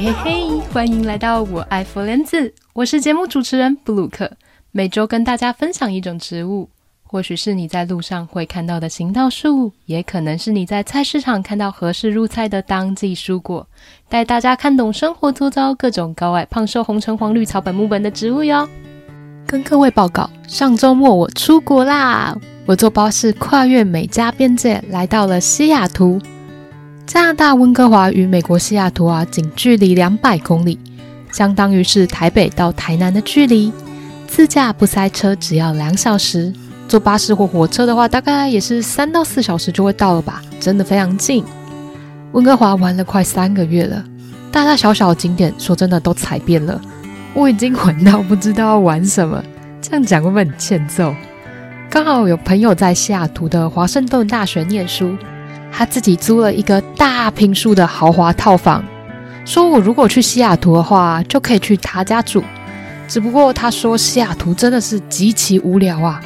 嘿嘿，歡迎來到我愛佛蓮子，我是節目主持人布魯克，每周跟大家分享一種植物，或許是你在路上會看到的行道樹，也可能是你在菜市場看到合適入菜的當季蔬果，帶大家看懂生活周遭各種高矮胖瘦紅橙黃綠草本木本的植物喲。跟各位報告，上周末我出國啦，我坐巴士跨越美加邊界，來到了西雅圖。加拿大溫哥華與美國西雅圖啊，僅距離兩百公里，相當於是台北到台南的距離。自駕不塞車，只要兩小時；坐巴士或火車的話，大概也是三到四小時就會到了吧。真的非常近。溫哥華玩了快三個月了，大大小小的景點，說真的都踩遍了。我已經玩到不知道要玩什麼，這樣講會不會很欠揍？剛好有朋友在西雅圖的華盛頓大學念書。他自己租了一個大坪數的豪華套房，說我如果去西雅圖的話，就可以去他家住。只不過他說西雅圖真的是極其無聊啊，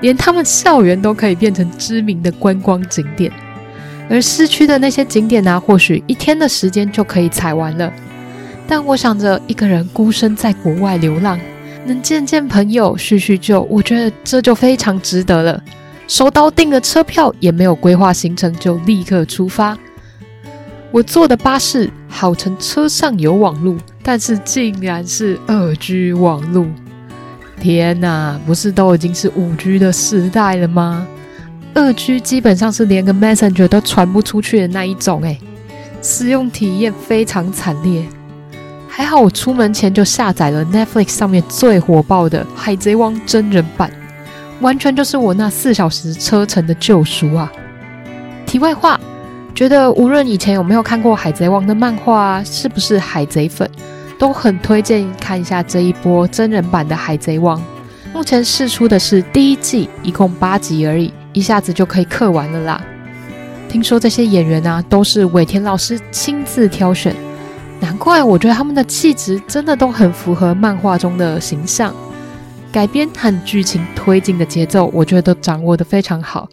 連他們校園都可以變成知名的觀光景點，而市區的那些景點啊，或許一天的時間就可以踩完了。但我想着一個人孤身在國外流浪，能見見朋友敘敘舊，我覺得這就非常值得了。收到訂的車票，也沒有規劃行程，就立刻出發。我坐的巴士號稱車上有網路，但是竟然是二 G 網絡。天吶，不是都已經是五 G 的時代了嗎？二 G 基本上是連個 Messenger 都傳不出去的那一種誒，使用體驗非常慘烈。還好我出門前就下載了 Netflix 上面最火爆的《海賊王》真人版。完全就是我那四小時車程的救贖啊！題外話，覺得無論以前有沒有看過《海賊王》的漫畫，啊，是不是海賊粉，都很推薦看一下這一波真人版的《海賊王》。目前釋出的是第一季，一共八集而已，一下子就可以看完了啦。聽說這些演員呢，啊，都是尾田老師親自挑選，難怪我覺得他們的氣質真的都很符合漫畫中的形象。改編和劇情推進的節奏，我覺得都掌握得非常好。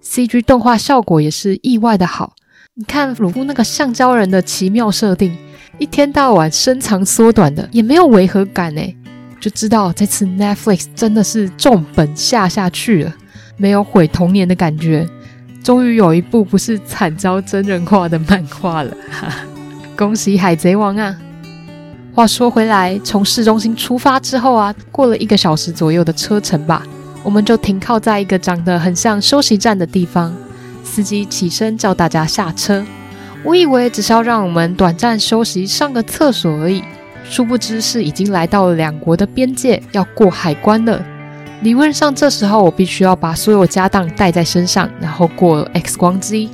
CG 動畫效果也是意外的好。你看魯夫那個橡膠人的奇妙設定，一天到晚身長縮短的，也沒有違和感哎、欸。就知道這次 Netflix 真的是重本下下去了，沒有毀童年的感覺。終於有一部不是慘遭真人化的漫畫了， 恭喜《海賊王》啊！話說回來，從市中心出發之後啊，過了一個小時左右的車程吧，我們就停靠在一個長得很像休息站的地方。司機起身叫大家下車，我以為只是要讓我們短暫休息、上個廁所而已，殊不知是已經來到了兩國的邊界，要過海關了。理論上，這時候我必須要把所有家當帶在身上，然後過 X 光機，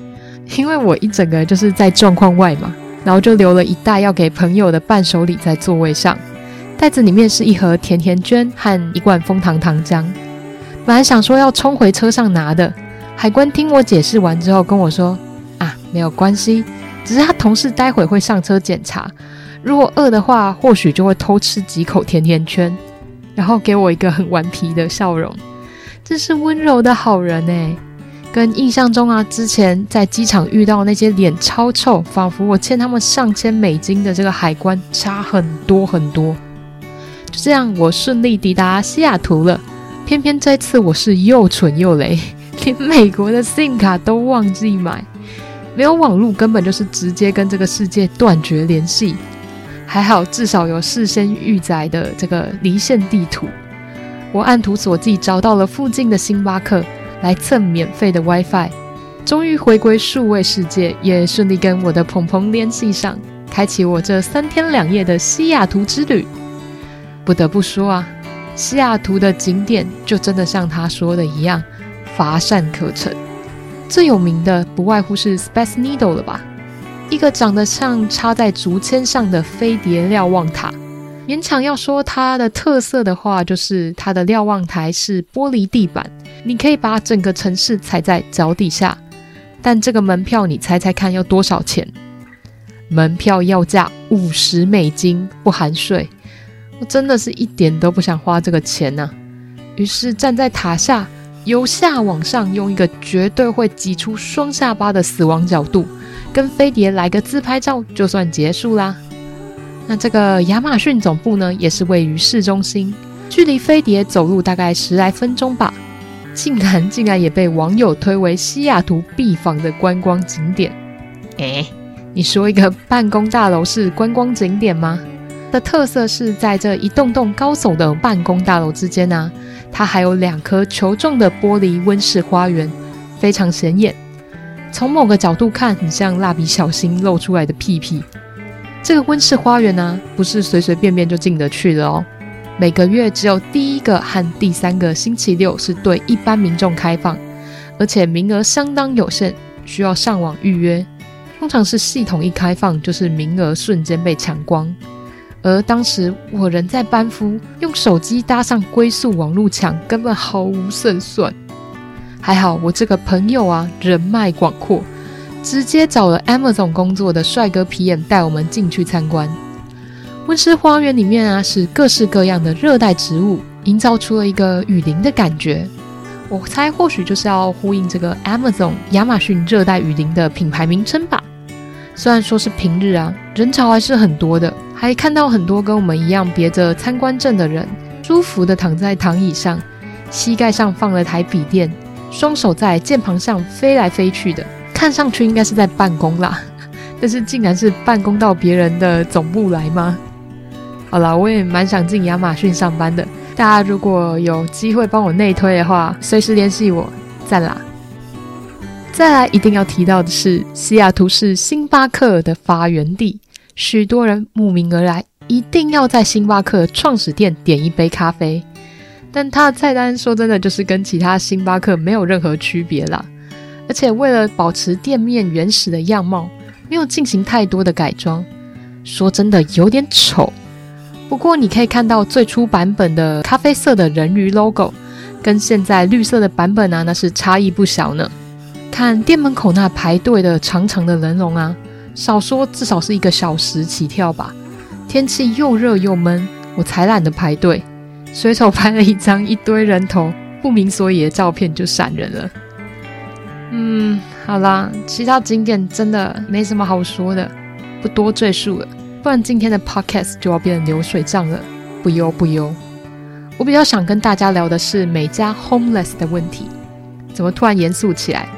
因為我一整個就是在狀況外嘛。然後就留了一袋要給朋友的伴手禮在座位上，袋子裡面是一盒甜甜圈和一罐楓糖糖漿。本來想說要衝回車上拿的，海關聽我解釋完之後跟我說：“啊，沒有關係，只是他同事待會會上車檢查，如果餓的話，或許就會偷吃幾口甜甜圈。”然後給我一個很頑皮的笑容，真是溫柔的好人誒、欸跟印象中啊，之前在機場遇到那些臉超臭，仿佛我欠他們上千美金的這個海關差很多很多。就這樣，我順利抵達西雅圖了。偏偏這次我是又蠢又雷，連美國的 SIM 卡都忘記買，沒有網絡根本就是直接跟這個世界斷絕聯繫。還好，至少有事先預載的這個離線地圖，我按圖索驥找到了附近的星巴克。來蹭免費的 WiFi，終於回歸數位世界，也順利跟我的朋朋聯繫上，開啟我這三天兩夜的西雅圖之旅。不得不說啊，西雅圖的景點就真的像他說的一樣，乏善可陳。最有名的不外乎是 Space Needle 了吧，一個長得像插在竹籤上的飛碟瞭望塔。勉強要說它的特色的話，就是它的瞭望台是玻璃地板，你可以把整個城市踩在腳底下。但這個門票，你猜猜看要多少錢？門票要價五十美金不含稅。我真的是一點都不想花這個錢吶、啊。於是站在塔下，由下往上，用一個絕對會擠出雙下巴的死亡角度，跟飛碟來個自拍照，就算結束啦。那這個亞馬遜總部呢，也是位於市中心，距離飛碟走路大概十來分鐘吧，竟然竟然也被網友推為西雅圖必訪的觀光景點。誒、欸、你說一個辦公大樓是觀光景點嗎？的特色是在這一棟棟高聳的辦公大樓之間呢、啊，它還有兩顆球狀的玻璃溫室花園，非常顯眼。從某個角度看，很像蠟筆小新露出來的屁屁。這個溫室花園呢、啊，不是隨隨便便就進得去的哦。每個月只有第一個和第三個星期六是對一般民眾開放，而且名額相當有限，需要上網預約。通常是系統一開放，就是名額瞬間被搶光。而當時我人在班夫，用手機搭上龜速網絡搶，根本毫無勝算。還好我這個朋友啊，人脈廣闊。直接找了 Amazon 工作的帥哥皮眼帶我們進去參觀，溫室花園裡面啊，是各式各樣的熱帶植物，營造出了一個雨林的感覺。我猜或許就是要呼應這個 Amazon 亞馬遜熱帶雨林的品牌名稱吧。雖然說是平日啊，人潮還是很多的，還看到很多跟我們一樣別着參觀證的人，舒服的躺在躺椅上，膝蓋上放了台筆電，雙手在鍵盤上飛來飛去的。看上去應該是在辦公啦，但是竟然是辦公到別人的總部來嗎？好啦，我也蠻想進亞馬遜上班的。大家如果有機會幫我內推的話，隨時聯繫我。讚啦！再來一定要提到的是，西雅圖是星巴克的發源地，許多人慕名而來，一定要在星巴克創始店點一杯咖啡。但它的菜單，說真的，就是跟其他星巴克沒有任何區別啦。而且為了保持店面原始的樣貌，沒有進行太多的改裝。說真的，有點醜。不過你可以看到最初版本的咖啡色的人魚 logo，跟現在綠色的版本啊，那是差異不小呢。看店門口那排隊的長長的人龍啊，少說至少是一個小時起跳吧。天氣又熱又悶，我才懶得排隊。隨手拍了一張一堆人頭，不明所以的照片就閃人了。嗯，好啦，其他景點真的沒什麼好說的，不多贅述了，不然今天的 podcast 就要變成流水賬了，不憂不憂。我比較想跟大家聊的是美加 homeless 的問題，怎麼突然嚴肅起來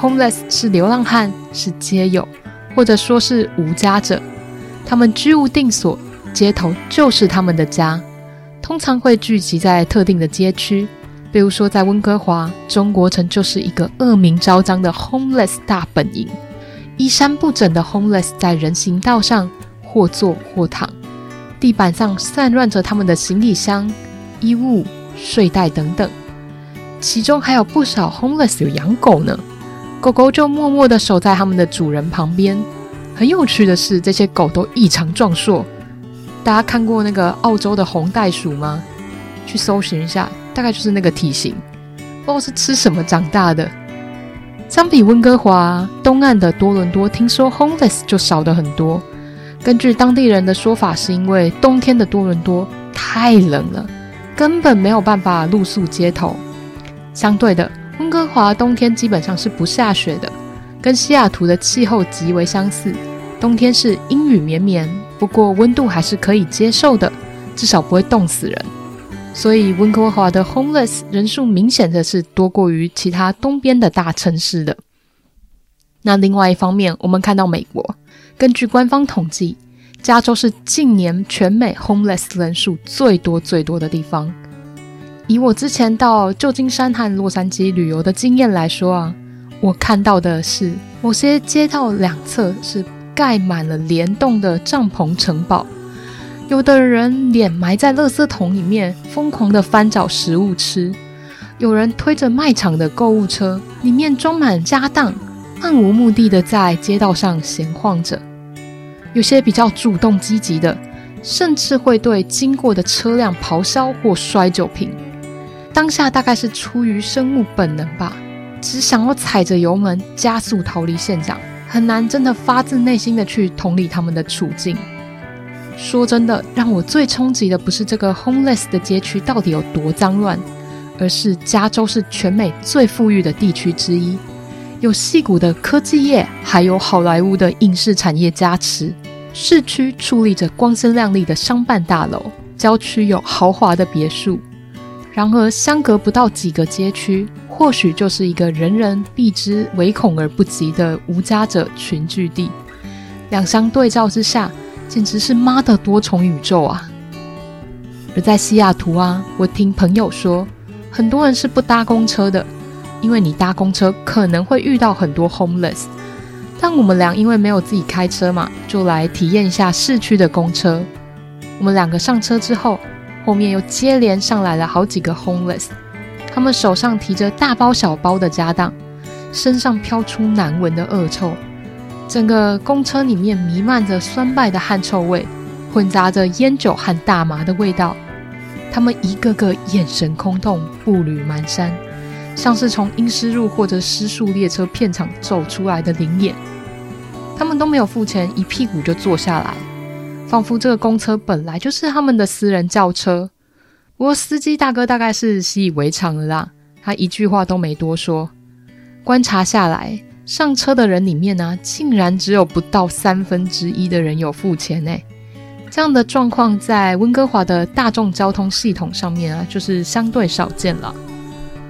？Homeless 是流浪漢，是街友，或者說是無家者，他們居無定所，街頭就是他們的家，通常會聚集在特定的街區。比如說，在溫哥華，中國城就是一個惡名昭彰的 homeless 大本營，衣衫不整的 homeless 在人行道上或坐或躺，地板上散亂着他們的行李箱、衣物、睡袋等等。其中還有不少 homeless 有養狗呢，狗狗就默默的守在他們的主人旁邊。很有趣的是，這些狗都異常壯碩。大家看過那個澳洲的紅袋鼠嗎？去搜尋一下。大概就是那個體型或是吃什麼長大的。相比溫哥華東岸的多倫多，聽說 homeless 就少了很多。根據當地人的說法，是因為冬天的多倫多太冷了，根本沒有辦法露宿街頭。相對的，溫哥華冬天基本上是不下雪的，跟西雅圖的氣候極為相似。冬天是陰雨綿綿，不過溫度還是可以接受的，至少不會凍死人。所以溫哥華的 homeless 人數明顯的是多過於其他東邊的大城市的。那另外一方面，我們看到美國，根據官方統計，加州是近年全美 homeless 人數最多最多的地方。以我之前到舊金山和洛杉磯旅遊的經驗來說啊，我看到的是某些街道兩側是蓋滿了連棟的帳篷城堡。有的人臉埋在垃圾桶裡面，瘋狂地翻找食物吃；有人推着賣場的購物車，裡面裝滿家當，漫無目的地在街道上閒晃着。有些比較主動積極的，甚至會對經過的車輛咆哮或摔酒瓶。當下大概是出於生物本能吧，只想要踩着油門加速逃離現場，很難真的發自內心的去同理他們的處境。說真的，讓我最衝擊的不是這個 homeless 的街區到底有多髒亂，而是加州是全美最富裕的地區之一，有硅谷的科技業，還有好萊塢的影視產業加持。市區矗立着光鮮亮麗的商辦大樓，郊區有豪華的別墅。然而，相隔不到幾個街區，或許就是一個人人避之唯恐而不及的無家者群聚地。兩相對照之下。簡直是媽的多重宇宙啊！而在西雅圖啊，我聽朋友說，很多人是不搭公車的，因為你搭公車可能會遇到很多 homeless。但我們倆因為沒有自己開車嘛，就來體驗一下市區的公車。我們兩個上車之後，後面又接連上來了好幾個 homeless，他們手上提着大包小包的家當，身上飄出難聞的惡臭。整個公車裡面彌漫着酸敗的汗臭味，混雜着煙酒和大麻的味道。他們一個個眼神空洞，步履蹣跚，像是從《陰屍路》或者《失速列車》片場走出來的靈眼。他們都沒有付錢，一屁股就坐下來，仿佛這個公車本來就是他們的私人轎車。不過司機大哥大概是習以為常了啦，他一句話都沒多說。觀察下來。上車的人裡面呢、啊，竟然只有不到三分之一的人有付錢欸。這樣的狀況在溫哥華的大眾交通系統上面啊，就是相對少見了。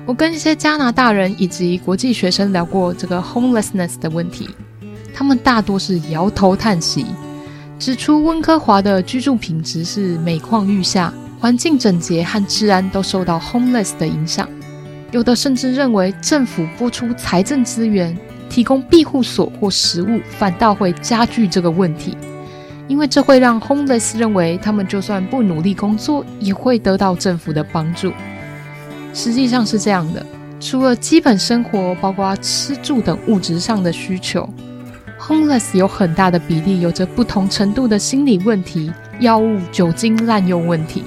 我跟一些加拿大人以及國際學生聊過這個 homelessness 的問題，他們大多是搖頭嘆息，指出溫哥華的居住品質是每況愈下，環境整潔和治安都受到 homeless 的影響。有的甚至認為政府撥出財政資源。提供庇護所或食物，反倒會加劇這個問題，因為這會讓 homeless 認為他們就算不努力工作，也會得到政府的幫助。實際上是這樣的，除了基本生活，包括吃住等物質上的需求，homeless 有很大的比例有着不同程度的心理問題、藥物、酒精濫用問題，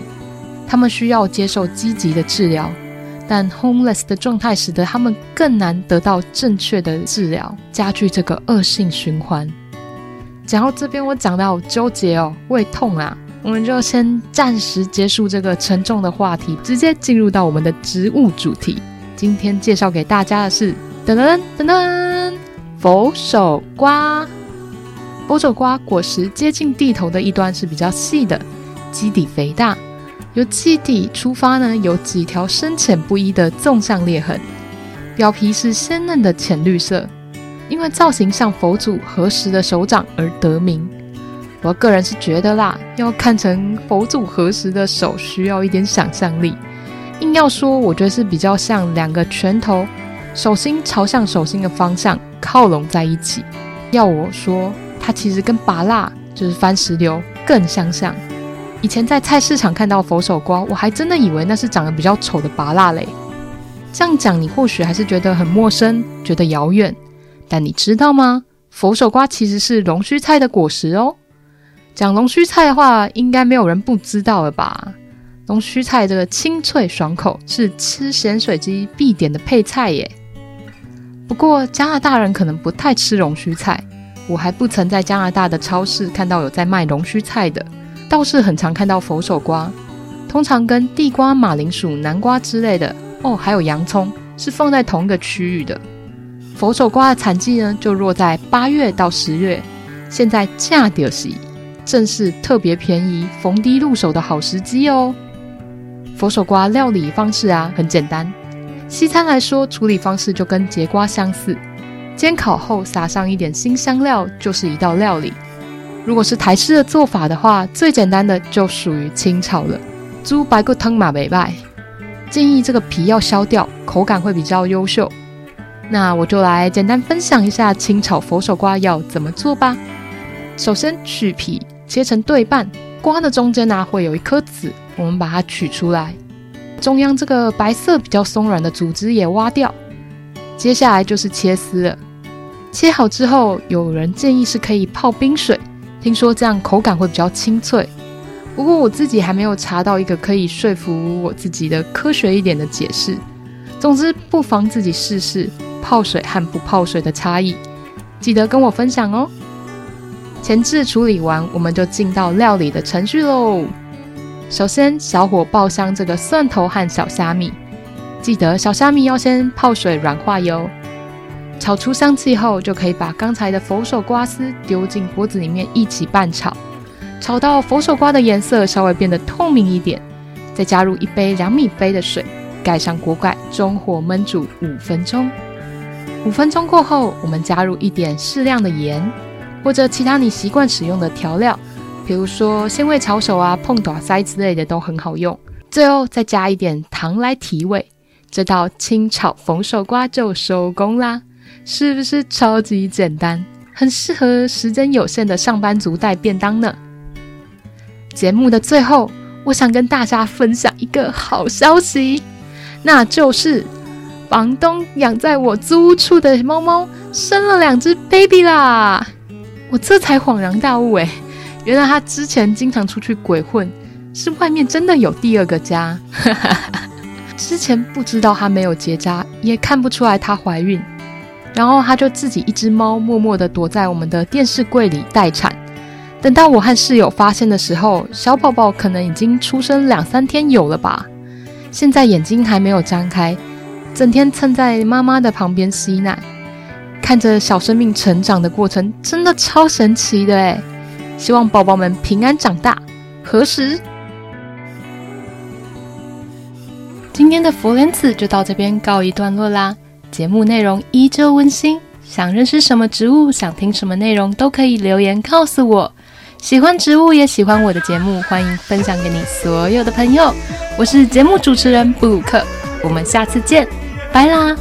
他們需要接受積極的治療。但 homeless 的狀態使得他們更難得到正確的治療，加劇這個惡性循環。然後這邊，我講到糾結哦，胃痛啊，我們就先暫時結束這個沉重的話題，直接進入到我們的植物主題。今天介紹給大家的是，噔噔噔噔噔，佛手瓜。佛手瓜果實接近蒂頭的一端是比較細的，基底肥大。由基底出發呢，有幾條深淺不一的縱向裂痕，表皮是鮮嫩的淺綠色，因為造型像佛祖合十的手掌而得名。我個人是覺得啦，要看成佛祖合十的手需要一點想象力，硬要說我覺得是比較像兩個拳頭，手心朝向手心的方向靠攏在一起。要我說，它其實跟芭樂就是番石榴更相像，像。以前在菜市場看到佛手瓜，我還真的以為那是長得比較醜的芭樂嘞。這樣講，你或許還是覺得很陌生，覺得遙遠。但你知道嗎？佛手瓜其實是龍鬚菜的果實哦。講龍鬚菜的話，應該沒有人不知道了吧？龍鬚菜這個清脆爽口，是吃鹹水雞必點的配菜耶。不過加拿大人可能不太吃龍鬚菜，我還不曾在加拿大的超市看到有在賣龍鬚菜的。倒是很常看到佛手瓜，通常跟地瓜、馬鈴薯、南瓜之類的哦，還有洋蔥是放在同一個區域的。佛手瓜的產季呢，就落在八月到十月。現在正著、就是正是特別便宜、逢低入手的好時機哦。佛手瓜料理方式啊，很簡單，西餐來說處理方式就跟櫛瓜相似，煎烤後撒上一點辛香料，就是一道料理。如果是台式的做法的話，最簡單的就屬於清炒了。煮白骨湯馬尾白，建議這個皮要削掉，口感會比較優秀。那我就來簡單分享一下清炒佛手瓜要怎麼做吧。首先去皮，切成對半。瓜的中間呢、啊、會有一顆籽，我們把它取出來。中央這個白色比較鬆軟的組織也挖掉。接下來就是切絲了。切好之後，有人建議是可以泡冰水。聽說這樣口感會比較清脆，不過我自己還沒有查到一個可以說服我自己的科學一點的解釋。總之，不妨自己試試泡水和不泡水的差異，記得跟我分享哦。前置處理完，我們就進到料理的程序嘍。首先，小火爆香這個蒜頭和小蝦米，記得小蝦米要先泡水軟化喲。炒出香氣後，就可以把剛才的佛手瓜絲丟進鍋子裡面一起拌炒，炒到佛手瓜的顏色稍微變得透明一點，再加入一杯兩米杯的水，蓋上鍋蓋，中火燜煮五分鐘。五分鐘過後，我們加入一點適量的鹽或者其他你習慣使用的調料，比如說鮮味炒手啊、烹大師之類的都很好用。最後再加一點糖來提味，這道清炒佛手瓜就收工啦。是不是超級簡單？很適合時間有限的上班族帶便當呢？節目的最後，我想跟大家分享一個好消息，那就是房東養在我租屋處的貓貓生了兩隻 baby 啦！我這才恍然大悟、欸，哎，原來他之前經常出去鬼混，是外面真的有第二個家。 之前不知道他沒有結紮，也看不出來他懷孕。然後他就自己一隻貓，默默的躲在我們的電視櫃裡待產。等到我和室友發現的時候，小寶寶可能已經出生兩三天有了吧，現在眼睛還沒有張開，整天蹭在媽媽的旁邊吸奶，看着小生命成長的過程，真的超神奇的哎！希望寶寶們平安長大。何時？今天的佛蓮子就到這邊告一段落啦。節目內容依舊溫馨，想認識什麼植物，想聽什麼內容，都可以留言告訴我。喜歡植物也喜歡我的節目，歡迎分享給你所有的朋友。我是節目主持人布魯克，我們下次見，拜啦。